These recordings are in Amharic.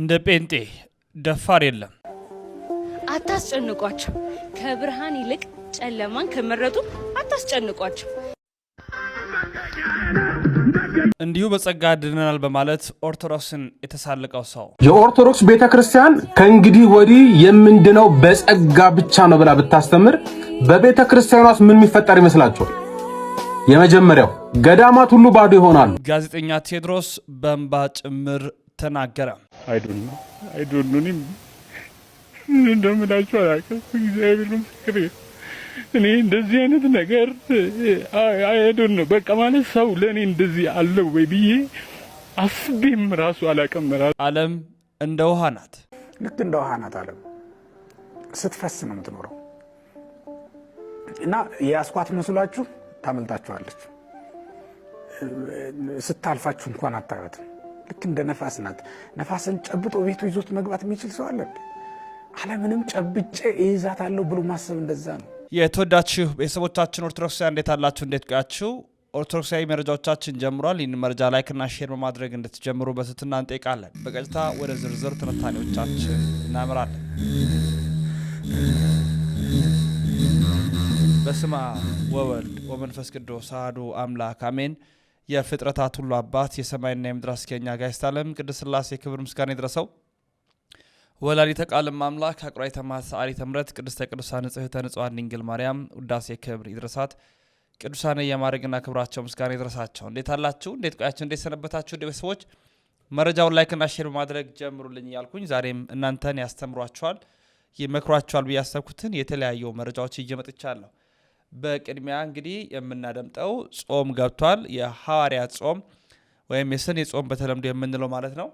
እንደ ጴንጤ ደፋር የለም። አታስጨንቋቸው። ከብርሃን ይልቅ ጨለማን ከመረጡ አታስጨንቋቸው። እንዲሁ በጸጋ ድነናል በማለት ኦርቶዶክስን የተሳለቀው ሰው የኦርቶዶክስ ቤተ ክርስቲያን ከእንግዲህ ወዲህ የምንድነው በጸጋ ብቻ ነው ብላ ብታስተምር በቤተ ክርስቲያኗስ ምን የሚፈጠር ይመስላችኋል? የመጀመሪያው ገዳማት ሁሉ ባዶ ይሆናሉ። ጋዜጠኛ ቴዎድሮስ በእንባ ጭምር ተናገረ። አይዶኑንም አላውቅም። እግዚአብሔር እኔ እንደዚህ አይነት ነገር አይዱን ነው በቃ ማለት ሰው ለእኔ እንደዚህ አለው ወይ ብዬ አስቤም ራሱ አላውቅም። ዓለም እንደ ውሃ ናት፣ ልክ እንደ ውሃ ናት ዓለም ስትፈስ ነው የምትኖረው እና የአስኳት መስሏችሁ ታመልጣችኋለች። ስታልፋችሁ እንኳን አታዩትም። ልክ እንደ ነፋስ ናት። ነፋስን ጨብጦ ቤቱ ይዞት መግባት የሚችል ሰው አለ? አለምንም ጨብጬ እይዛታለሁ ብሎ ማሰብ እንደዛ ነው። የተወዳችሁ ቤተሰቦቻችን ኦርቶዶክሳዊ እንዴት አላችሁ? እንዴት ቆያችሁ? ኦርቶዶክሳዊ መረጃዎቻችን ጀምሯል። ይህን መረጃ ላይክና ሼር በማድረግ እንድትጀምሩ በትህትና እንጠይቃለን። በቀጥታ ወደ ዝርዝር ትንታኔዎቻችን እናምራለን። በስመ አብ ወወልድ ወመንፈስ ቅዱስ አሐዱ አምላክ አሜን። የፍጥረታት ሁሉ አባት የሰማይና የምድር አስኪያኛ ጋይስት ዓለም ቅድስት ሥላሴ ክብር ምስጋና ይድረሰው። ወላዲተ ቃል አምላክ አቁራይ ተማት ሰአሊ ተምረት ቅድስተ ቅዱሳን ንጽሕተ ንጹሐን ድንግል ማርያም ውዳሴ ክብር ይድረሳት። ቅዱሳን የማድረግና ክብራቸው ምስጋና ይድረሳቸው። እንዴት አላችሁ? እንዴት ቆያችሁ? እንዴት ሰነበታችሁ? እንዴ ቤተሰቦች መረጃውን ላይክና ሼር በማድረግ ጀምሩልኝ እያልኩኝ ዛሬም እናንተን ያስተምሯችኋል ይመክሯችኋል ብዬ ያሰብኩትን የተለያዩ መረጃዎች እየመጥቻለሁ። በቅድሚያ እንግዲህ የምናደምጠው ጾም ገብቷል። የሐዋርያት ጾም ወይም የሰኔ ጾም በተለምዶ የምንለው ማለት ነው።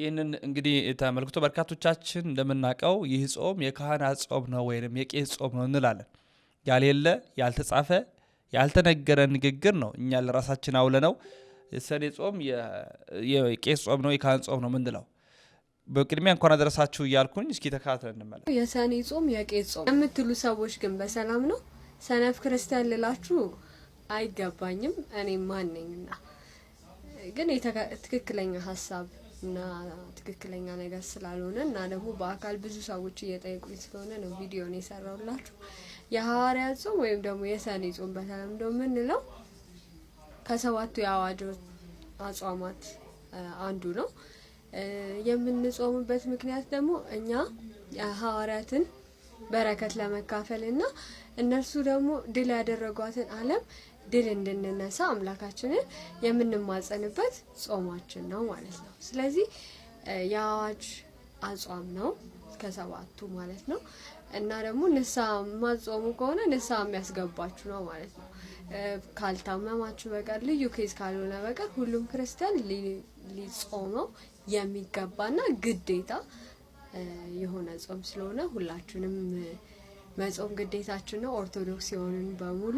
ይህንን እንግዲህ ተመልክቶ በርካቶቻችን እንደምናውቀው ይህ ጾም የካህናት ጾም ነው ወይም የቄስ ጾም ነው እንላለን። ያሌለ ያልተጻፈ ያልተነገረ ንግግር ነው። እኛ ለራሳችን አውለ ነው። የሰኔ ጾም የቄስ ጾም ነው፣ የካህን ጾም ነው ምንለው በቅድሚያ እንኳን አደረሳችሁ እያልኩኝ እስኪ ተከታተል እንመለ የሰኔ ጾም የቄስ ጾም የምትሉ ሰዎች ግን በሰላም ነው ሰነፍ ክርስቲያን ልላችሁ አይገባኝም። እኔ ማን ነኝና? ግን ትክክለኛ ሀሳብ እና ትክክለኛ ነገር ስላልሆነ እና ደግሞ በአካል ብዙ ሰዎች እየጠየቁኝ ስለሆነ ነው ቪዲዮን የሰራውላችሁ። የሐዋርያት ጾም ወይም ደግሞ የሰኔ ጾም በተለምዶ የምንለው ከሰባቱ የአዋጅ አጽዋማት አንዱ ነው። የምንጾምበት ምክንያት ደግሞ እኛ ሐዋርያትን በረከት ለመካፈል እና እነርሱ ደግሞ ድል ያደረጓትን ዓለም ድል እንድንነሳ አምላካችንን የምንማጸንበት ጾማችን ነው ማለት ነው። ስለዚህ የአዋጅ አጿም ነው ከሰባቱ ማለት ነው። እና ደግሞ ንስሐ ማጾሙ ከሆነ ንስሐ የሚያስገባችሁ ነው ማለት ነው። ካልታመማችሁ በቀር ልዩ ኬዝ ካልሆነ በቀር ሁሉም ክርስቲያን ሊጾመው የሚገባና ግዴታ የሆነ ጾም ስለሆነ ሁላችንም መጾም ግዴታችን ነው። ኦርቶዶክስ የሆኑን በሙሉ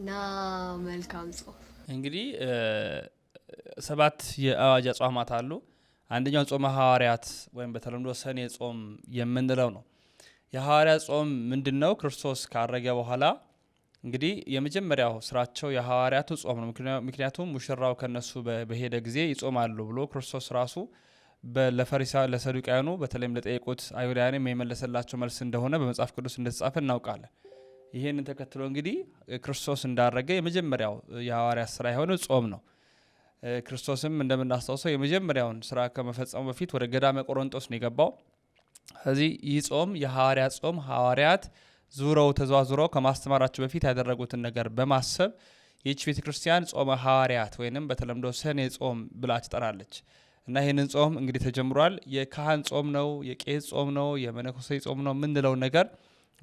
እና መልካም ጾም። እንግዲህ ሰባት የአዋጅ አጽዋማት አሉ። አንደኛው ጾመ ሐዋርያት ወይም በተለምዶ ሰኔ ጾም የምንለው ነው። የሐዋርያት ጾም ምንድን ነው? ክርስቶስ ካረገ በኋላ እንግዲህ የመጀመሪያው ስራቸው የሐዋርያቱ ጾም ነው። ምክንያቱም ሙሽራው ከነሱ በሄደ ጊዜ ይጾማሉ ብሎ ክርስቶስ ራሱ ለፈሪሳ ለሰዱቃያኑ በተለይም ለጠየቁት አይሁዳውያንም የመለሰላቸው መልስ እንደሆነ በመጽሐፍ ቅዱስ እንደተጻፈ እናውቃለን። ይህንን ተከትሎ እንግዲህ ክርስቶስ እንዳረገ የመጀመሪያው የሐዋርያ ስራ የሆነ ጾም ነው። ክርስቶስም እንደምናስታውሰው የመጀመሪያውን ስራ ከመፈጸሙ በፊት ወደ ገዳመ ቆሮንጦስ ነው የገባው። ስለዚህ ይህ ጾም የሐዋርያ ጾም ሐዋርያት ዙረው ተዘዋዝረው ከማስተማራቸው በፊት ያደረጉትን ነገር በማሰብ ይህች ቤተ ክርስቲያን ጾመ ሐዋርያት ወይንም በተለምዶ ሰኔ ጾም ብላ ትጠራለች። እና ይህንን ጾም እንግዲህ ተጀምሯል። የካህን ጾም ነው፣ የቄስ ጾም ነው፣ የመነኮሴ ጾም ነው የምንለው ነገር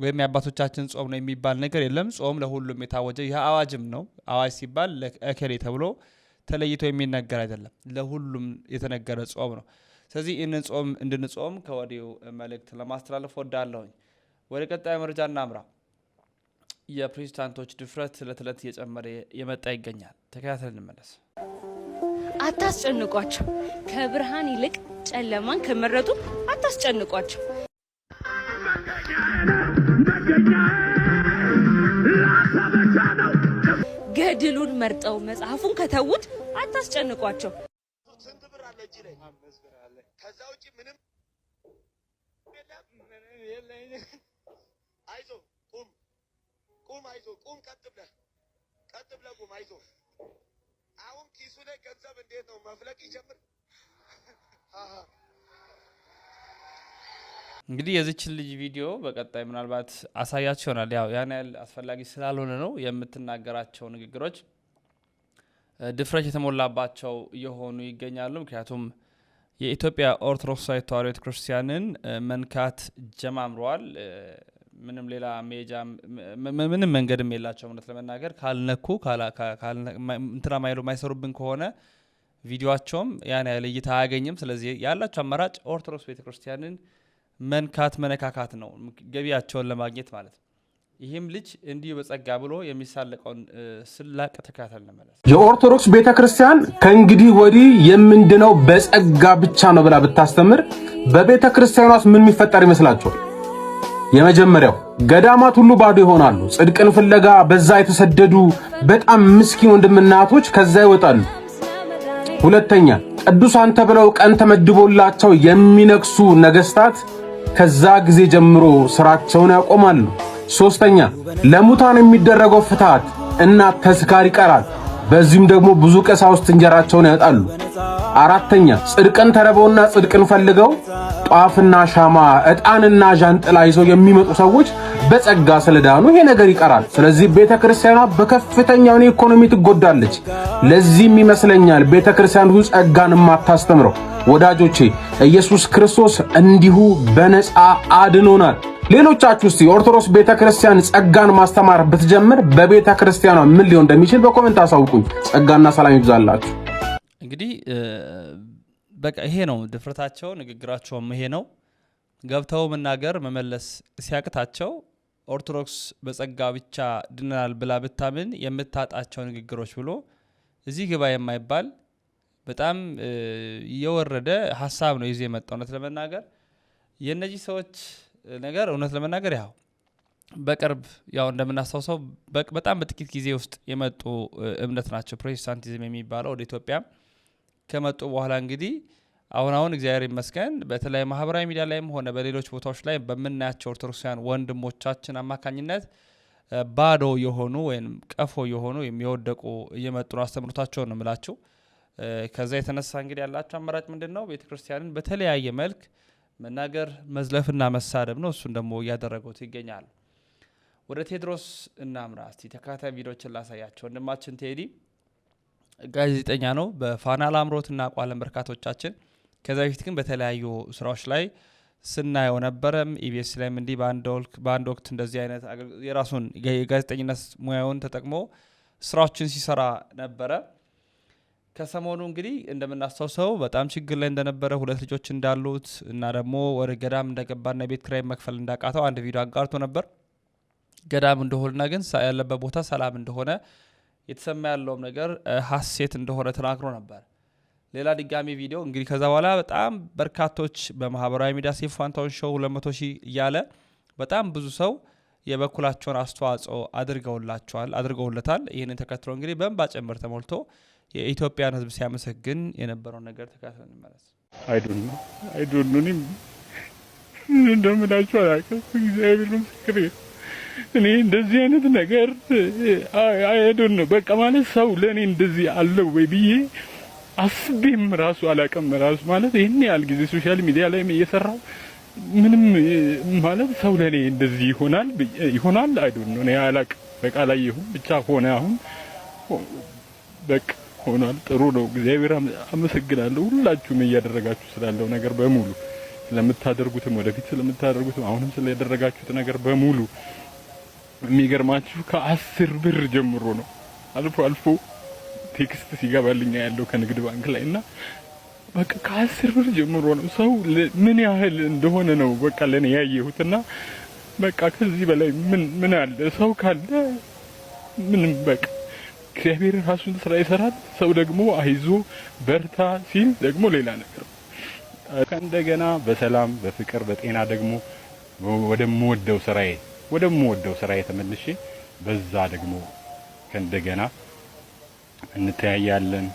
ወይም የአባቶቻችን ጾም ነው የሚባል ነገር የለም። ጾም ለሁሉም የታወጀ ይህ አዋጅም ነው። አዋጅ ሲባል ለእከሌ ተብሎ ተለይቶ የሚነገር አይደለም። ለሁሉም የተነገረ ጾም ነው። ስለዚህ ይህንን ጾም እንድንጾም ከወዲሁ መልእክት ለማስተላለፍ ወዳለሁኝ። ወደ ቀጣይ መረጃ እናምራ። የፕሮቴስታንቶች ድፍረት ዕለት እየጨመረ የመጣ ይገኛል። ተከታተል እንመለስ። አታስጨንቋቸው። ከብርሃን ይልቅ ጨለማን ከመረጡ አታስጨንቋቸው። ገድሉን መርጠው መጽሐፉን ከተዉት አታስጨንቋቸው። አይዞህ ቁም፣ ቁም፣ አይዞህ ቁም፣ ቀጥ ብለህ ቁም፣ አይዞህ ኪሱ ላይ ገንዘብ እንዴት ነው መፍለቅ ይጀምር። እንግዲህ የዚችን ልጅ ቪዲዮ በቀጣይ ምናልባት አሳያቸው ይሆናል። ያው ያን ያህል አስፈላጊ ስላልሆነ ነው የምትናገራቸው ንግግሮች ድፍረት የተሞላባቸው እየሆኑ ይገኛሉ። ምክንያቱም የኢትዮጵያ ኦርቶዶክስ ተዋሕዶ ቤተክርስቲያንን መንካት ጀማምረዋል። ምንም ሌላ ሜጃ ምንም መንገድም የላቸው እውነት ለመናገር ካልነኩ እንትና ማይሉ ማይሰሩብን ከሆነ ቪዲዮቸውም ያን ያህል እይታ አያገኝም። ስለዚህ ያላቸው አማራጭ ኦርቶዶክስ ቤተክርስቲያንን መንካት መነካካት ነው፣ ገቢያቸውን ለማግኘት ማለት ነው። ይህም ልጅ እንዲህ በጸጋ ብሎ የሚሳለቀውን ስላቅ ተከታተል ነመለስ የኦርቶዶክስ ቤተ ክርስቲያን ከእንግዲህ ወዲህ የምንድነው በጸጋ ብቻ ነው ብላ ብታስተምር በቤተ ክርስቲያኗስ ምን የሚፈጠር ይመስላችኋል? የመጀመሪያው ገዳማት ሁሉ ባዶ ይሆናሉ። ጽድቅን ፍለጋ በዛ የተሰደዱ በጣም ምስኪን ወንድምናቶች ከዛ ይወጣሉ። ሁለተኛ ቅዱሳን ተብለው ቀን ተመድቦላቸው የሚነግሱ ነገስታት ከዛ ጊዜ ጀምሮ ስራቸውን ያቆማሉ። ሶስተኛ ለሙታን የሚደረገው ፍታት እና ተስካር ይቀራል። በዚህም ደግሞ ብዙ ቀሳውስት እንጀራቸውን ያጣሉ። አራተኛ ጽድቅን ተረበውና ጽድቅን ፈልገው ጧፍና ሻማ ዕጣንና ዣንጥላ ይዘው የሚመጡ ሰዎች በጸጋ ስለዳኑ ይሄ ነገር ይቀራል። ስለዚህ ቤተ ክርስቲያኗ በከፍተኛ ኢኮኖሚ ትጎዳለች። ለዚህም ይመስለኛል ቤተ ክርስቲያን ጸጋን ማታስተምረው። ወዳጆቼ ኢየሱስ ክርስቶስ እንዲሁ በነፃ አድኖናል። ሌሎቻችሁ እስቲ ኦርቶዶክስ ቤተ ክርስቲያን ጸጋን ማስተማር ብትጀምር በቤተ ክርስቲያኗ ምን ሊሆን እንደሚችል በኮሜንት አሳውቁኝ። ጸጋና ሰላም ይብዛላችሁ። እንግዲህ በቃ ይሄ ነው ድፍረታቸው፣ ንግግራቸውም ይሄ ነው። ገብተው መናገር መመለስ ሲያቅታቸው ኦርቶዶክስ በጸጋ ብቻ ድነናል ብላ ብታምን የምታጣቸው ንግግሮች ብሎ እዚህ ግባ የማይባል በጣም የወረደ ሀሳብ ነው ይዞ የመጣ እውነት ለመናገር የእነዚህ ሰዎች ነገር እውነት ለመናገር ያው በቅርብ ያው እንደምናስታውሰው በጣም በጥቂት ጊዜ ውስጥ የመጡ እምነት ናቸው። ፕሮቴስታንቲዝም የሚባለው ወደ ኢትዮጵያ ከመጡ በኋላ እንግዲህ አሁን አሁን እግዚአብሔር ይመስገን በተለይ ማህበራዊ ሚዲያ ላይም ሆነ በሌሎች ቦታዎች ላይ በምናያቸው ኦርቶዶክሳውያን ወንድሞቻችን አማካኝነት ባዶ የሆኑ ወይም ቀፎ የሆኑ የሚወደቁ እየመጡ ነው። አስተምሮታቸውን ነው ምላችሁ። ከዛ የተነሳ እንግዲህ ያላቸው አማራጭ ምንድን ነው? ቤተ ክርስቲያንን በተለያየ መልክ መናገር መዝለፍና መሳደብ ነው። እሱን ደግሞ እያደረጉት ይገኛል። ወደ ቴድሮስ እናምራ። እስቲ ተከታታይ ቪዲዮችን ላሳያቸው። ወንድማችን ቴዲ ጋዜጠኛ ነው። በፋና ላምሮት እናውቀዋለን በርካቶቻችን። ከዚ በፊት ግን በተለያዩ ስራዎች ላይ ስናየው ነበረም። ኢቢኤስ ላይም እንዲህ በአንድ ወቅት እንደዚህ አይነት የራሱን የጋዜጠኝነት ሙያውን ተጠቅሞ ስራዎችን ሲሰራ ነበረ። ከሰሞኑ እንግዲህ እንደምናስታውሰው በጣም ችግር ላይ እንደነበረ ሁለት ልጆች እንዳሉት እና ደግሞ ወደ ገዳም እንደገባና የቤት ክራይ መክፈል እንዳቃተው አንድ ቪዲዮ አጋርቶ ነበር። ገዳም እንደሆነና ግን ያለበት ቦታ ሰላም እንደሆነ የተሰማ ያለውም ነገር ሀሴት እንደሆነ ተናግሮ ነበር። ሌላ ድጋሚ ቪዲዮ እንግዲህ ከዛ በኋላ በጣም በርካቶች በማህበራዊ ሚዲያ ሴፍ ፋንታውን ሾው 200 ሺህ እያለ በጣም ብዙ ሰው የበኩላቸውን አስተዋጽኦ አድርገውላቸዋል አድርገውለታል። ይህንን ተከትሎ እንግዲህ በእንባ ጭምር ተሞልቶ የኢትዮጵያን ሕዝብ ሲያመሰግን የነበረውን ነገር ተከትሎ እንመለስ። አይዱኑ አይዱኑ እኔም እንደምላቸው አላውቅም። እግዚአብሔር ምስክር እኔ እንደዚህ አይነት ነገር አይዶን ነው በቃ ማለት ሰው ለእኔ እንደዚህ አለው ወይ ብዬ አስቤም ራሱ አላውቅም። ራሱ ማለት ይህን ያህል ጊዜ ሶሻል ሚዲያ ላይ እየሰራው ምንም ማለት ሰው ለእኔ እንደዚህ ይሆናል ይሆናል አይዶን ነው እኔ በቃ ላይ ይሁን ብቻ ሆነ። አሁን በቃ ሆኗል። ጥሩ ነው። እግዚአብሔር አመሰግናለሁ ሁላችሁም እያደረጋችሁ ስላለው ነገር በሙሉ ስለምታደርጉትም ወደፊት ስለምታደርጉትም አሁንም ስለያደረጋችሁት ነገር በሙሉ የሚገርማችሁ ከአስር ብር ጀምሮ ነው። አልፎ አልፎ ቴክስት ሲገባልኛ ያለው ከንግድ ባንክ ላይ እና በቃ ከአስር ብር ጀምሮ ነው። ሰው ምን ያህል እንደሆነ ነው በቃ ለኔ እና በቃ ከዚህ በላይ ምን ምን አለ? ሰው ካለ ምንም በቃ እግዚአብሔር ራሱን ስራ ይሰራል። ሰው ደግሞ አይዞ በርታ ሲል ደግሞ ሌላ ነገር ከእንደገና በሰላም በፍቅር በጤና ደግሞ ወደምወደው ስራዬ ወደምወደው ስራ የተመልሼ በዛ ደግሞ ከእንደገና እንተያያለን፣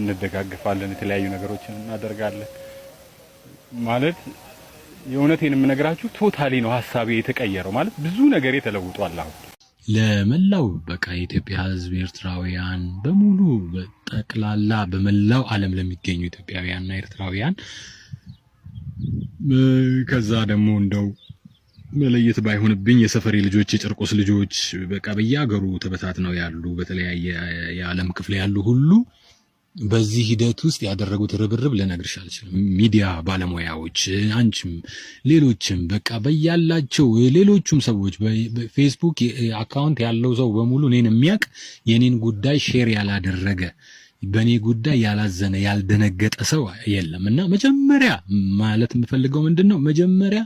እንደጋግፋለን፣ የተለያዩ ነገሮችን እናደርጋለን። ማለት የእውነቴን የምነግራችሁ ቶታሊ ነው ሀሳቤ የተቀየረው። ማለት ብዙ ነገር የተለውጧል አሁን ለመላው በቃ የኢትዮጵያ ሕዝብ ኤርትራውያን በሙሉ ጠቅላላ በመላው ዓለም ለሚገኙ ኢትዮጵያውያንና ኤርትራውያን ከዛ ደግሞ እንደው መለየት ባይሆንብኝ የሰፈሬ ልጆች የጨርቆስ ልጆች በቃ በየሀገሩ ተበታትነው ያሉ በተለያየ የዓለም ክፍል ያሉ ሁሉ በዚህ ሂደት ውስጥ ያደረጉት ርብርብ ልነግርሽ አልችልም። ሚዲያ ባለሙያዎች፣ አንቺም፣ ሌሎችም በቃ በያላቸው ሌሎቹም ሰዎች በፌስቡክ አካውንት ያለው ሰው በሙሉ እኔን የሚያውቅ የኔን ጉዳይ ሼር ያላደረገ በእኔ ጉዳይ ያላዘነ ያልደነገጠ ሰው የለም እና መጀመሪያ ማለት የምፈልገው ምንድን ነው? መጀመሪያ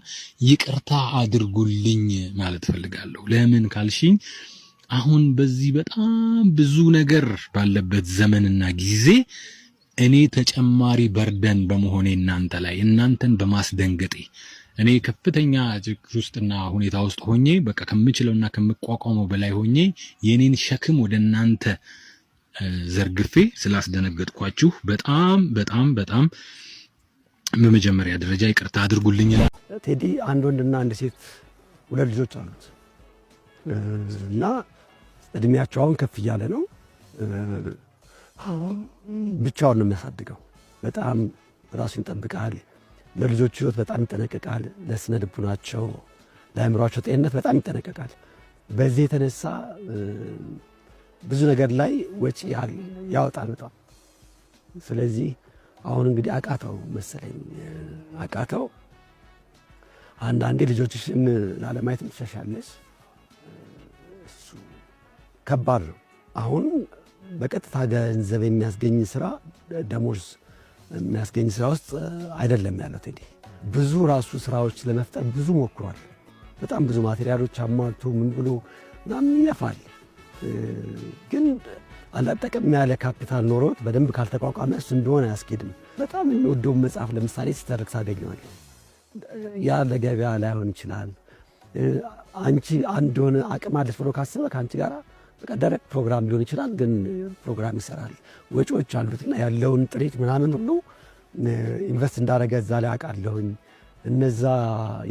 ይቅርታ አድርጉልኝ ማለት እፈልጋለሁ። ለምን ካልሽኝ አሁን በዚህ በጣም ብዙ ነገር ባለበት ዘመንና ጊዜ እኔ ተጨማሪ በርደን በመሆኔ እናንተ ላይ እናንተን በማስደንገጤ እኔ ከፍተኛ ችግር ውስጥና ሁኔታ ውስጥ ሆኜ በቃ ከምችለውና ከምቋቋመው በላይ ሆኜ የኔን ሸክም ወደ እናንተ ዘርግፌ ስላስደነገጥኳችሁ በጣም በጣም በጣም በመጀመሪያ ደረጃ ይቅርታ አድርጉልኝ። ቴዲ አንድ ወንድና አንድ ሴት ሁለት ልጆች አሉት እና እድሜያቸው አሁን ከፍ እያለ ነው። ብቻውን ነው የሚያሳድገው። በጣም ራሱን ይጠብቃል። ለልጆቹ ሕይወት በጣም ይጠነቀቃል። ለስነ ልቡናቸው፣ ለአእምሯቸው ጤንነት በጣም ይጠነቀቃል። በዚህ የተነሳ ብዙ ነገር ላይ ወጪ ያወጣል በጣም። ስለዚህ አሁን እንግዲህ አቃተው መሰለኝ አቃተው። አንዳንዴ ልጆችሽን ላለማየት ምትሻሻለች እሱ ከባድ ነው። አሁን በቀጥታ ገንዘብ የሚያስገኝ ስራ፣ ደሞዝ የሚያስገኝ ስራ ውስጥ አይደለም ያለው ቴዲ። ብዙ ራሱ ስራዎች ለመፍጠር ብዙ ሞክሯል። በጣም ብዙ ማቴሪያሎች አሟልቶ ምን ብሎ ምናምን ይለፋል። ግን ጠቀም ያለ ካፒታል ኖሮት በደንብ ካልተቋቋመ እሱ እንደሆነ አያስኬድም። በጣም የሚወደውን መጽሐፍ ለምሳሌ ሲተርክ ሳገኘዋል ያ ለገበያ ላይሆን ይችላል። አንቺ አንድ ሆነ አቅም አለች ብሎ ካሰበ ከአንቺ ጋር በቃ ደረቅ ፕሮግራም ሊሆን ይችላል፣ ግን ፕሮግራም ይሰራል። ወጪዎች አሉትና ያለውን ጥሪት ምናምን ሁሉ ኢንቨስት እንዳረገ እዛ ላይ አውቃለሁኝ። እነዛ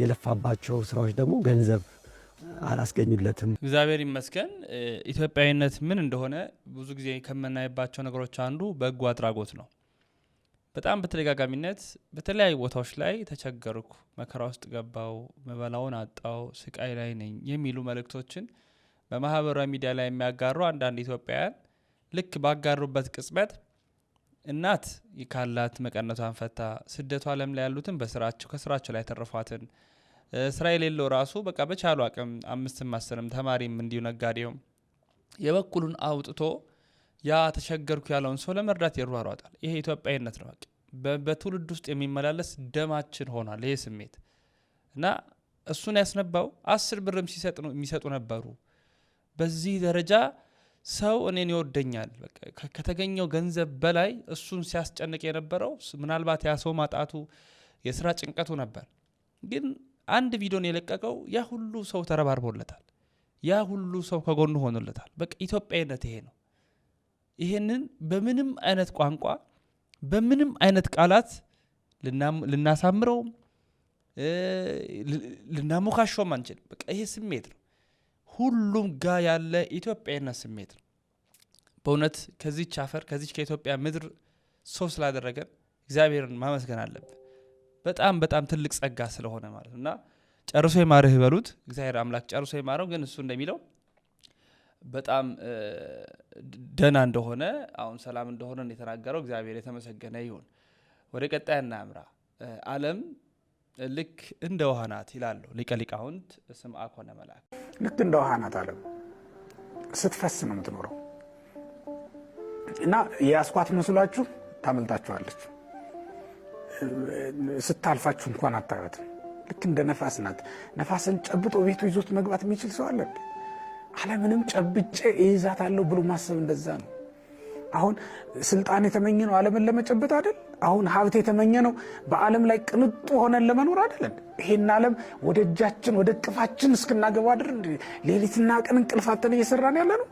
የለፋባቸው ስራዎች ደግሞ ገንዘብ አላስገኙለትም። እግዚአብሔር ይመስገን። ኢትዮጵያዊነት ምን እንደሆነ ብዙ ጊዜ ከምናይባቸው ነገሮች አንዱ በጎ አድራጎት ነው። በጣም በተደጋጋሚነት በተለያዩ ቦታዎች ላይ ተቸገርኩ፣ መከራ ውስጥ ገባው፣ መበላውን አጣው፣ ስቃይ ላይ ነኝ የሚሉ መልእክቶችን በማህበራዊ ሚዲያ ላይ የሚያጋሩ አንዳንድ ኢትዮጵያውያን ልክ ባጋሩበት ቅጽበት እናት ካላት መቀነቷን ፈታ፣ ስደቱ ዓለም ላይ ያሉትን በስራቸው ከስራቸው ላይ ተረፏትን ስራ የሌለው ራሱ በቃ በቻሉ አቅም አምስትም አስርም ተማሪም እንዲሁ ነጋዴውም የበኩሉን አውጥቶ ያ ተቸገርኩ ያለውን ሰው ለመርዳት ይሯሯጣል። ይሄ ኢትዮጵያዊነት ነው። በትውልድ ውስጥ የሚመላለስ ደማችን ሆኗል ይሄ ስሜት እና እሱን ያስነባው አስር ብርም የሚሰጡ ነበሩ። በዚህ ደረጃ ሰው እኔን ይወደኛል ከተገኘው ገንዘብ በላይ እሱን ሲያስጨንቅ የነበረው ምናልባት ያ ሰው ማጣቱ የስራ ጭንቀቱ ነበር ግን አንድ ቪዲዮን የለቀቀው ያ ሁሉ ሰው ተረባርቦለታል። ያ ሁሉ ሰው ከጎኑ ሆኖለታል። በቃ ኢትዮጵያዊነት ይሄ ነው። ይሄንን በምንም አይነት ቋንቋ በምንም አይነት ቃላት ልናሳምረውም ልናሞካሾም አንችልም። በቃ ይሄ ስሜት ነው፣ ሁሉም ጋ ያለ ኢትዮጵያዊነት ስሜት ነው። በእውነት ከዚች አፈር ከዚች ከኢትዮጵያ ምድር ሰው ስላደረገን እግዚአብሔርን ማመስገን አለብን። በጣም በጣም ትልቅ ጸጋ ስለሆነ ማለት እና ጨርሶ የማርህ በሉት እግዚአብሔር አምላክ ጨርሶ የማረው ግን እሱ እንደሚለው በጣም ደህና እንደሆነ አሁን ሰላም እንደሆነ የተናገረው እግዚአብሔር የተመሰገነ ይሁን። ወደ ቀጣይ እናምራ። አለም ልክ እንደ ውሃ ናት ይላሉ ሊቀ ሊቃውንት መልአክ። ልክ እንደ ውሃ ናት ስትፈስ ነው የምትኖረው እና የአስኳት መስሏችሁ ታመልጣችኋለች። ስታልፋችሁ እንኳን አታዩትም። ልክ እንደ ነፋስ ናት። ነፋስን ጨብጦ ቤቱ ይዞት መግባት የሚችል ሰው አለ? አለምንም ጨብጬ እይዛታለሁ ብሎ ማሰብ እንደዛ ነው። አሁን ስልጣን የተመኘ ነው ዓለምን ለመጨበጥ አይደል? አሁን ሀብት የተመኘ ነው በዓለም ላይ ቅንጡ ሆነን ለመኖር አይደለን? ይሄን ዓለም ወደ እጃችን ወደ ቅፋችን እስክናገባ ድር ሌሊትና ቀን እንቅልፋተን እየሰራን ያለ ነው።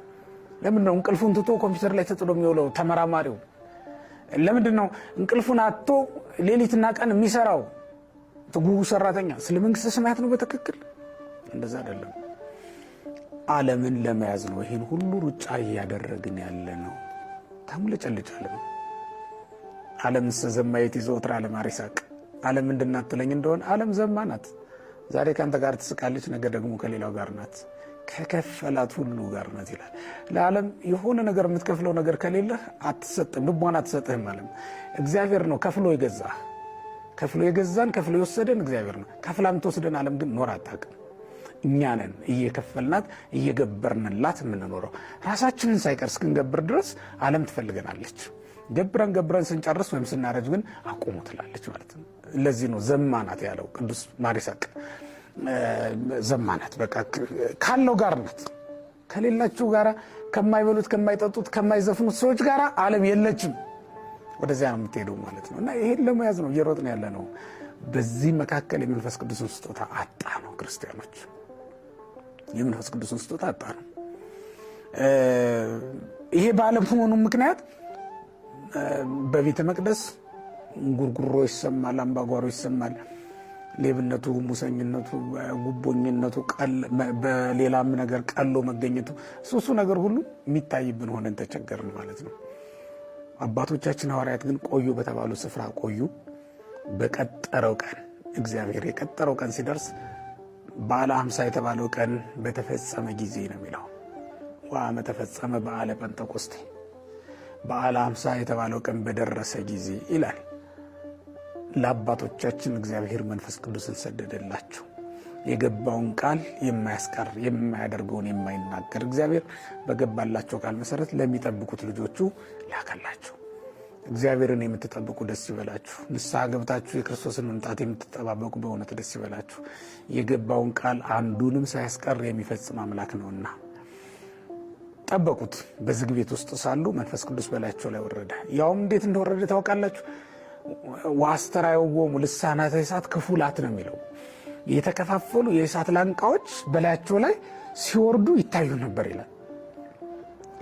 ለምን ነው እንቅልፉን ትቶ ኮምፒውተር ላይ ተጥሎ የሚውለው ተመራማሪው? ለምንድን ነው እንቅልፉን አጥቶ ሌሊትና ቀን የሚሰራው ትጉህ ሰራተኛ? ስለ መንግስተ ሰማያት ነው በትክክል እንደዛ አይደለም። ዓለምን ለመያዝ ነው ይህን ሁሉ ሩጫ እያደረግን ያለ ነው። ታሙለጨልጭ ዓለም ዓለም ዘማየት ይዘወትር ዓለም አሪሳቅ ዓለም ምንድን ናት ትለኝ እንደሆነ ዓለም ዘማ ናት። ዛሬ ከአንተ ጋር ትስቃለች፣ ነገ ደግሞ ከሌላው ጋር ናት። ከከፈላት ሁሉ ጋር ናት ይላል። ለዓለም የሆነ ነገር የምትከፍለው ነገር ከሌለህ አትሰጥም፣ ልቧን አትሰጥህም ማለት እግዚአብሔር ነው ከፍሎ የገዛ ከፍሎ የገዛን ከፍሎ የወሰደን እግዚአብሔር ነው። ከፍላ የምትወስደን ዓለም ግን ኖር አታውቅም። እኛ ነን እየከፈልናት እየገበርንላት የምንኖረው። ራሳችንን ሳይቀር እስክንገብር ድረስ ዓለም ትፈልገናለች። ገብረን ገብረን ስንጨርስ ወይም ስናረጅ ግን አቁሙ ትላለች ማለት ነው። ለዚህ ነው ዘማናት ያለው ቅዱስ ማር ይስሐቅ ዘማናት በቃ ካለው ጋር ናት። ከሌላችሁ ጋር ከማይበሉት ከማይጠጡት ከማይዘፍኑት ሰዎች ጋር ዓለም የለችም። ወደዚያ ነው የምትሄደው ማለት ነው። እና ይሄን ለመያዝ ነው ነው ያለ ነው። በዚህ መካከል የመንፈስ ቅዱስን ስጦታ አጣ ነው ክርስቲያኖች፣ የመንፈስ ቅዱስን ስጦታ አጣ ነው። ይሄ ባለመሆኑ ምክንያት በቤተ መቅደስ ጉርጉሮ ይሰማል፣ አምባጓሮ ይሰማል። ሌብነቱ፣ ሙሰኝነቱ፣ ጉቦኝነቱ፣ በሌላም ነገር ቀሎ መገኘቱ እሱ እሱ ነገር ሁሉ የሚታይብን ሆነን ተቸገርን ማለት ነው። አባቶቻችን ሐዋርያት ግን ቆዩ በተባሉ ስፍራ ቆዩ። በቀጠረው ቀን እግዚአብሔር የቀጠረው ቀን ሲደርስ በዓለ ሐምሳ የተባለው ቀን በተፈጸመ ጊዜ ነው የሚለው ዋመ ተፈጸመ በዓለ ጴንጠቆስቴ በዓለ ሐምሳ የተባለው ቀን በደረሰ ጊዜ ይላል። ለአባቶቻችን እግዚአብሔር መንፈስ ቅዱስን ሰደደላቸው። የገባውን ቃል የማያስቀር የማያደርገውን የማይናገር እግዚአብሔር በገባላቸው ቃል መሰረት ለሚጠብቁት ልጆቹ ላከላቸው። እግዚአብሔርን የምትጠብቁ ደስ ይበላችሁ። ንስሐ ገብታችሁ የክርስቶስን መምጣት የምትጠባበቁ በእውነት ደስ ይበላችሁ። የገባውን ቃል አንዱንም ሳያስቀር የሚፈጽም አምላክ ነውና ጠበቁት። በዝግ ቤት ውስጥ ሳሉ መንፈስ ቅዱስ በላያቸው ላይ ወረደ። ያውም እንዴት እንደወረደ ታውቃላችሁ? ወአስተርአዮሙ ልሳናተ እሳት ክፉላት ነው የሚለው። የተከፋፈሉ የእሳት ላንቃዎች በላያቸው ላይ ሲወርዱ ይታዩ ነበር ይላል።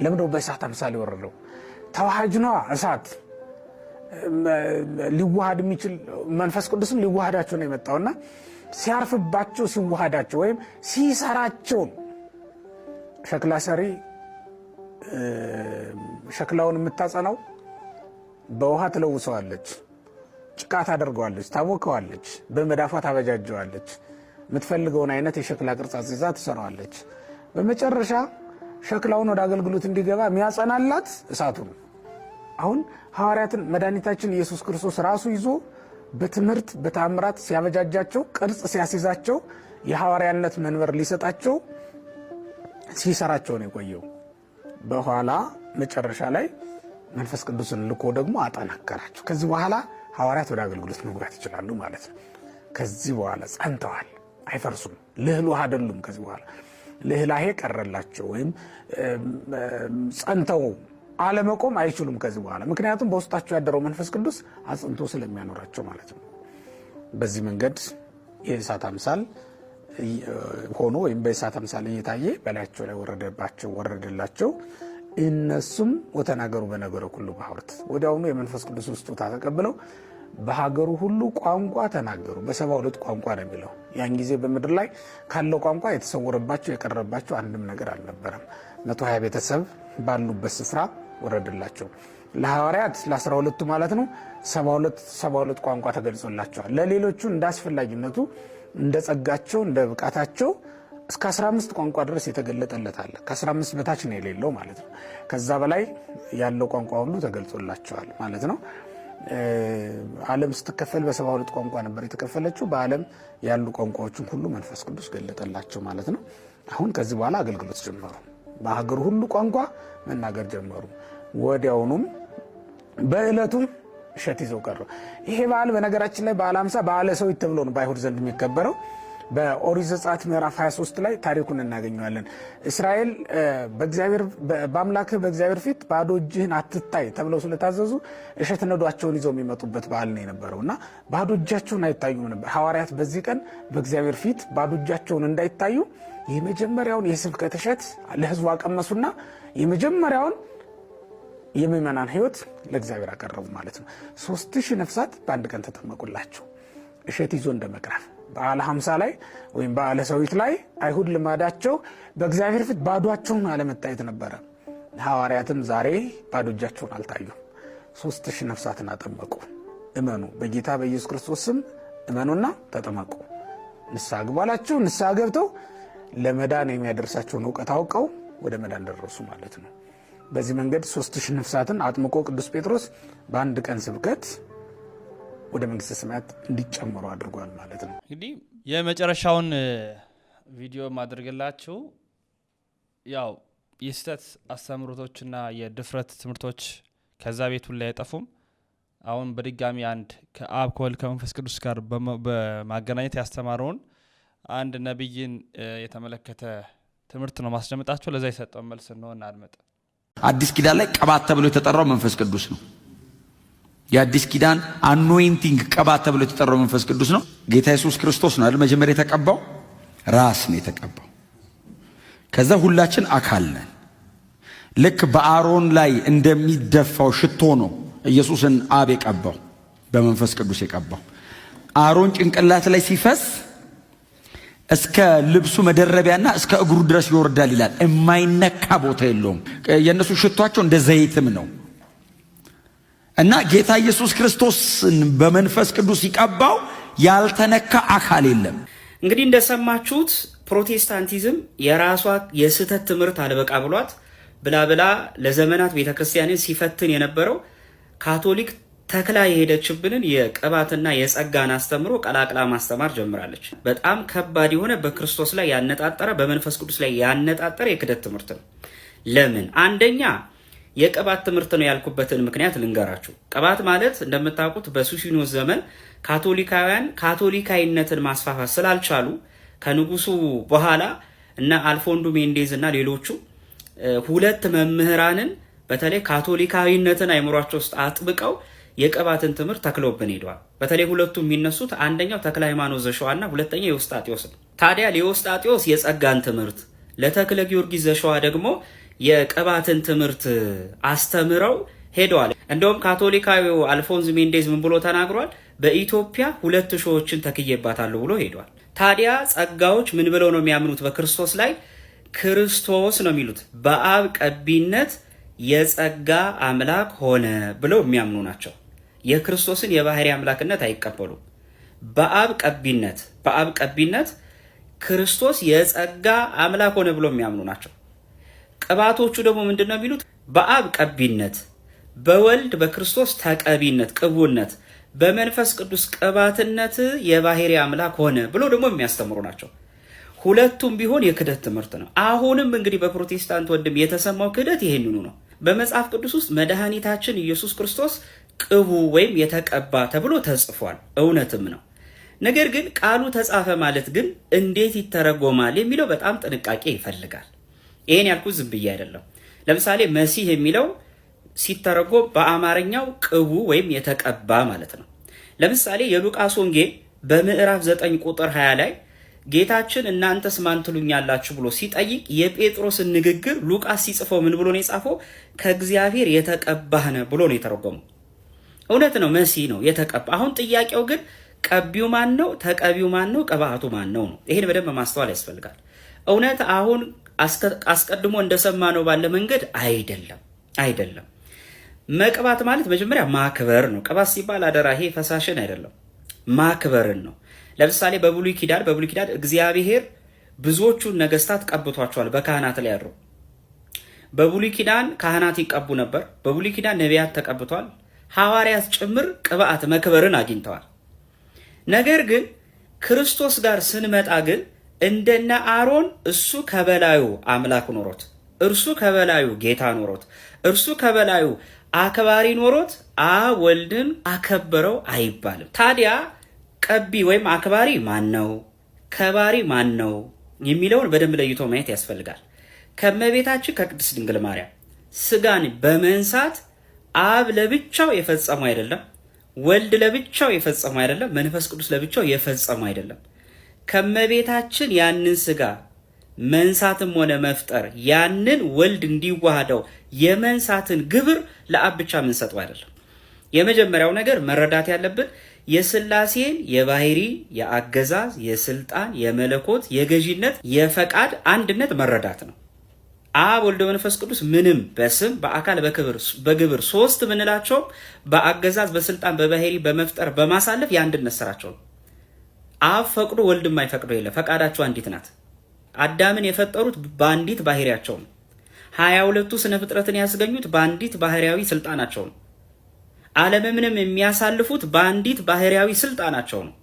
ለምንድነው በእሳት አምሳል ወረደው? ተዋሃጅ ነዋ እሳት ሊዋሃድ የሚችል መንፈስ ቅዱስም ሊዋሃዳቸው ነው የመጣውና ሲያርፍባቸው ሲዋሃዳቸው ወይም ሲሰራቸው ሸክላ ሰሪ ሸክላውን የምታጸናው በውሃ ትለውሰዋለች። ጭቃ ታደርገዋለች፣ ታቦከዋለች፣ በመዳፏ ታበጃጀዋለች። የምትፈልገውን አይነት የሸክላ ቅርጽ አዚዛ ትሰራዋለች። በመጨረሻ ሸክላውን ወደ አገልግሎት እንዲገባ የሚያጸናላት እሳቱ ነው። አሁን ሐዋርያትን መድኃኒታችን ኢየሱስ ክርስቶስ ራሱ ይዞ በትምህርት በታምራት ሲያበጃጃቸው ቅርጽ ሲያስይዛቸው የሐዋርያነት መንበር ሊሰጣቸው ሲሰራቸው ነው የቆየው። በኋላ መጨረሻ ላይ መንፈስ ቅዱስን ልኮ ደግሞ አጠናከራቸው። ከዚህ በኋላ ሐዋርያት ወደ አገልግሎት መግባት ይችላሉ ማለት ነው። ከዚህ በኋላ ጸንተዋል፣ አይፈርሱም። ልህሉ አይደሉም። ከዚህ በኋላ ልህላሄ ቀረላቸው ወይም ጸንተው አለመቆም አይችሉም ከዚህ በኋላ ምክንያቱም በውስጣቸው ያደረው መንፈስ ቅዱስ አጽንቶ ስለሚያኖራቸው ማለት ነው። በዚህ መንገድ የእሳት አምሳል ሆኖ ወይም በእሳት አምሳል እየታየ በላያቸው ላይ ወረደባቸው ወረደላቸው። እነሱም ወተናገሩ በነገረ ሁሉ በሐውርት ወዲያውኑ የመንፈስ ቅዱስ ስጦታ ተቀብለው በሀገሩ ሁሉ ቋንቋ ተናገሩ። በሰባ ሁለት ቋንቋ ነው የሚለው። ያን ጊዜ በምድር ላይ ካለው ቋንቋ የተሰወረባቸው የቀረባቸው አንድም ነገር አልነበረም። መቶ ሀያ ቤተሰብ ባሉበት ስፍራ ወረደላቸው። ለሐዋርያት ለአስራ ሁለቱ ማለት ነው ሰባ ሁለት ቋንቋ ተገልጾላቸዋል። ለሌሎቹ እንደ አስፈላጊነቱ እንደ ጸጋቸው እንደ ብቃታቸው እስከ 15 ቋንቋ ድረስ አለ ከ ከ15 በታች ነው የሌለው ማለት ነው። ከዛ በላይ ያለው ቋንቋ ሁሉ ተገልጾላቸዋል ማለት ነው። ዓለም ስትከፈል በሰባ ሁለት ቋንቋ ነበር የተከፈለችው። በዓለም ያሉ ቋንቋዎችን ሁሉ መንፈስ ቅዱስ ገለጠላቸው ማለት ነው። አሁን ከዚህ በኋላ አገልግሎት ጀመሩ። በሀገር ሁሉ ቋንቋ መናገር ጀመሩ። ወዲያውኑም በዕለቱም እሸት ይዘው ቀረ። ይሄ በዓል በነገራችን ላይ በዓለ ሃምሳ በዓለ ሰዊት ተብሎ ነው በአይሁድ ዘንድ የሚከበረው። በኦሪት ዘጸአት ምዕራፍ 23 ላይ ታሪኩን እናገኘዋለን። እስራኤል በአምላክህ በእግዚአብሔር ፊት ባዶ እጅህን አትታይ ተብለው ስለታዘዙ እሸት ነዷቸውን ይዘው የሚመጡበት በዓል ነው የነበረው እና ባዶ እጃቸውን አይታዩም ነበር። ሐዋርያት በዚህ ቀን በእግዚአብሔር ፊት ባዶ እጃቸውን እንዳይታዩ የመጀመሪያውን የስብከት እሸት ለህዝቡ አቀመሱና የመጀመሪያውን የምእመናን ህይወት ለእግዚአብሔር አቀረቡ ማለት ነው። ሶስት ሺህ ነፍሳት በአንድ ቀን ተጠመቁላቸው እሸት ይዞ እንደ መቅረፍ በዓለ ሀምሳ ላይ ወይም በዓለ ሰዊት ላይ አይሁድ ልማዳቸው በእግዚአብሔር ፊት ባዷቸውን አለመታየት ነበረ። ሐዋርያትም ዛሬ ባዶ እጃቸውን አልታዩም። ሶስት ሺህ ነፍሳትን አጠመቁ። እመኑ በጌታ በኢየሱስ ክርስቶስ ስም እመኑና ተጠመቁ። ንስሐ ግቡ አላቸው። ንስሐ ገብተው ለመዳን የሚያደርሳቸውን እውቀት አውቀው ወደ መዳን ደረሱ ማለት ነው። በዚህ መንገድ ሶስት ሺህ ነፍሳትን አጥምቆ ቅዱስ ጴጥሮስ በአንድ ቀን ስብከት ወደ መንግስተ ሰማያት እንዲጨመሩ አድርጓል ማለት ነው። እንግዲህ የመጨረሻውን ቪዲዮ ማድረግላችሁ ያው የስህተት አስተምህሮቶችና የድፍረት ትምህርቶች ከዛ ቤቱ ላይ አይጠፉም። አሁን በድጋሚ አንድ ከአብ ከወልድ ከመንፈስ ቅዱስ ጋር በማገናኘት ያስተማረውን አንድ ነቢይን የተመለከተ ትምህርት ነው ማስደመጣቸው። ለዛ የሰጠውን መልስ እንሆን አድመጥ። አዲስ ኪዳን ላይ ቀባት ተብሎ የተጠራው መንፈስ ቅዱስ ነው። የአዲስ ኪዳን አኖይንቲንግ ቅባት ተብሎ የተጠራው መንፈስ ቅዱስ ነው። ጌታ ኢየሱስ ክርስቶስ ነው አይደል? መጀመሪያ የተቀባው ራስ ነው የተቀባው። ከዛ ሁላችን አካል ነን። ልክ በአሮን ላይ እንደሚደፋው ሽቶ ነው ኢየሱስን አብ የቀባው በመንፈስ ቅዱስ የቀባው። አሮን ጭንቅላት ላይ ሲፈስ እስከ ልብሱ መደረቢያና እስከ እግሩ ድረስ ይወርዳል ይላል። የማይነካ ቦታ የለውም። የእነሱ ሽቷቸው እንደ ዘይትም ነው። እና ጌታ ኢየሱስ ክርስቶስን በመንፈስ ቅዱስ ሲቀባው ያልተነካ አካል የለም። እንግዲህ እንደሰማችሁት ፕሮቴስታንቲዝም የራሷ የስህተት ትምህርት አልበቃ ብሏት ብላ ብላ ለዘመናት ቤተክርስቲያንን ሲፈትን የነበረው ካቶሊክ ተክላ የሄደችብንን የቅባትና የጸጋን አስተምሮ ቀላቅላ ማስተማር ጀምራለች። በጣም ከባድ የሆነ በክርስቶስ ላይ ያነጣጠረ በመንፈስ ቅዱስ ላይ ያነጣጠረ የክደት ትምህርት ነው። ለምን አንደኛ የቅባት ትምህርት ነው ያልኩበትን ምክንያት ልንገራችሁ። ቅባት ማለት እንደምታውቁት በሱሲኖስ ዘመን ካቶሊካውያን ካቶሊካዊነትን ማስፋፋት ስላልቻሉ ከንጉሱ በኋላ እና አልፎንዱ ሜንዴዝ እና ሌሎቹ ሁለት መምህራንን በተለይ ካቶሊካዊነትን አይምሯቸው ውስጥ አጥብቀው የቅባትን ትምህርት ተክለውብን ሄደዋል። በተለይ ሁለቱ የሚነሱት አንደኛው ተክለ ሃይማኖት ዘሸዋ እና ሁለተኛው የውስጣጢዎስ ነው። ታዲያ ለውስጣጢዎስ የጸጋን ትምህርት ለተክለ ጊዮርጊስ ዘሸዋ ደግሞ የቅባትን ትምህርት አስተምረው ሄደዋል። እንደውም ካቶሊካዊው አልፎንዝ ሜንዴዝ ምን ብሎ ተናግሯል? በኢትዮጵያ ሁለት ሺዎችን ተክዬባታለሁ ብሎ ሄደዋል። ታዲያ ጸጋዎች ምን ብለው ነው የሚያምኑት? በክርስቶስ ላይ ክርስቶስ ነው የሚሉት በአብ ቀቢነት የጸጋ አምላክ ሆነ ብለው የሚያምኑ ናቸው። የክርስቶስን የባህሪ አምላክነት አይቀበሉም። በአብ ቀቢነት በአብ ቀቢነት ክርስቶስ የጸጋ አምላክ ሆነ ብለው የሚያምኑ ናቸው። ቅባቶቹ ደግሞ ምንድን ነው የሚሉት? በአብ ቀቢነት፣ በወልድ በክርስቶስ ተቀቢነት ቅቡነት፣ በመንፈስ ቅዱስ ቅባትነት የባህሪ አምላክ ሆነ ብሎ ደግሞ የሚያስተምሩ ናቸው። ሁለቱም ቢሆን የክደት ትምህርት ነው። አሁንም እንግዲህ በፕሮቴስታንት ወንድም የተሰማው ክደት ይሄንኑ ነው። በመጽሐፍ ቅዱስ ውስጥ መድኃኒታችን ኢየሱስ ክርስቶስ ቅቡ ወይም የተቀባ ተብሎ ተጽፏል፣ እውነትም ነው። ነገር ግን ቃሉ ተጻፈ ማለት ግን እንዴት ይተረጎማል የሚለው በጣም ጥንቃቄ ይፈልጋል። ይሄን ያልኩት ዝም ብዬ አይደለም። ለምሳሌ መሲህ የሚለው ሲተረጎም በአማርኛው ቅቡ ወይም የተቀባ ማለት ነው። ለምሳሌ የሉቃስ ወንጌ በምዕራፍ 9 ቁጥር 20 ላይ ጌታችን እናንተስ ማን ትሉኛላችሁ ብሎ ሲጠይቅ የጴጥሮስን ንግግር ሉቃስ ሲጽፈው ምን ብሎ ነው የጻፈው? ከእግዚአብሔር የተቀባህ ነህ ብሎ ነው የተረጎመው። እውነት ነው፣ መሲህ ነው የተቀባ። አሁን ጥያቄው ግን ቀቢው ማን ነው? ተቀቢው ማን ነው? ቅባቱ ማን ነው ነው። ይሄን በደንብ ማስተዋል ያስፈልጋል። እውነት አሁን አስቀድሞ እንደሰማነው ባለ መንገድ አይደለም አይደለም። መቅባት ማለት መጀመሪያ ማክበር ነው። ቅባት ሲባል አደራ፣ ይሄ ፈሳሽን አይደለም ማክበርን ነው። ለምሳሌ በብሉይ ኪዳን በብሉይ ኪዳን እግዚአብሔር ብዙዎቹን ነገስታት ቀብቷቸዋል። በካህናት ላይ ያሉ በብሉይ ኪዳን ካህናት ይቀቡ ነበር። በብሉይ ኪዳን ነቢያት ተቀብቷል። ሐዋርያት ጭምር ቅብአት መክበርን አግኝተዋል። ነገር ግን ክርስቶስ ጋር ስንመጣ ግን እንደነ አሮን እሱ ከበላዩ አምላክ ኖሮት እርሱ ከበላዩ ጌታ ኖሮት እርሱ ከበላዩ አክባሪ ኖሮት አ ወልድን አከበረው አይባልም። ታዲያ ቀቢ ወይም አክባሪ ማን ነው? ከባሪ ማን ነው? የሚለውን በደንብ ለይቶ ማየት ያስፈልጋል። ከመቤታችን ከቅድስት ድንግል ማርያም ስጋን በመንሳት አብ ለብቻው የፈጸመው አይደለም፣ ወልድ ለብቻው የፈጸመው አይደለም፣ መንፈስ ቅዱስ ለብቻው የፈጸመው አይደለም። ከመቤታችን ያንን ስጋ መንሳትም ሆነ መፍጠር ያንን ወልድ እንዲዋሃደው የመንሳትን ግብር ለአብ ብቻ የምንሰጠው አይደለም። የመጀመሪያው ነገር መረዳት ያለብን የስላሴን የባህሪ፣ የአገዛዝ፣ የስልጣን፣ የመለኮት፣ የገዢነት፣ የፈቃድ አንድነት መረዳት ነው። አብ ወልደ መንፈስ ቅዱስ ምንም በስም በአካል በክብር በግብር ሶስት ምንላቸውም በአገዛዝ በስልጣን በባህሪ በመፍጠር በማሳለፍ የአንድነት ስራቸው ነው። አብ ፈቅዶ ወልድ የማይፈቅዶ የለ ፈቃዳቸው አንዲት ናት። አዳምን የፈጠሩት በአንዲት ባህሪያቸው ነው። ሀያ ሁለቱ ስነ ፍጥረትን ያስገኙት በአንዲት ባህሪያዊ ስልጣናቸው ነው። ዓለምንም የሚያሳልፉት በአንዲት ባህሪያዊ ስልጣናቸው ነው።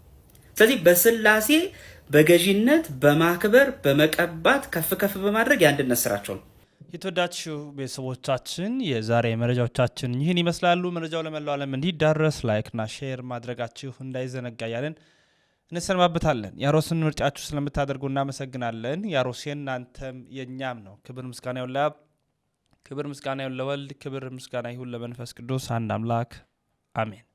ስለዚህ በስላሴ በገዢነት በማክበር በመቀባት ከፍ ከፍ በማድረግ የአንድነት ስራቸው ነው። የተወዳችሁ ቤተሰቦቻችን የዛሬ መረጃዎቻችን ይህን ይመስላሉ። መረጃው ለመላው ዓለም እንዲዳረስ ላይክና ሼር ማድረጋችሁ እንዳይዘነጋ ያለን እንሰነባበታለን። ያሮስን ምርጫችሁ ስለምታደርጉ እናመሰግናለን። ያሮስ እናንተም የእኛም ነው። ክብር ምስጋና ይሁን ለአብ፣ ክብር ምስጋና ይሁን ለወልድ፣ ክብር ምስጋና ይሁን ለመንፈስ ቅዱስ አንድ አምላክ አሜን።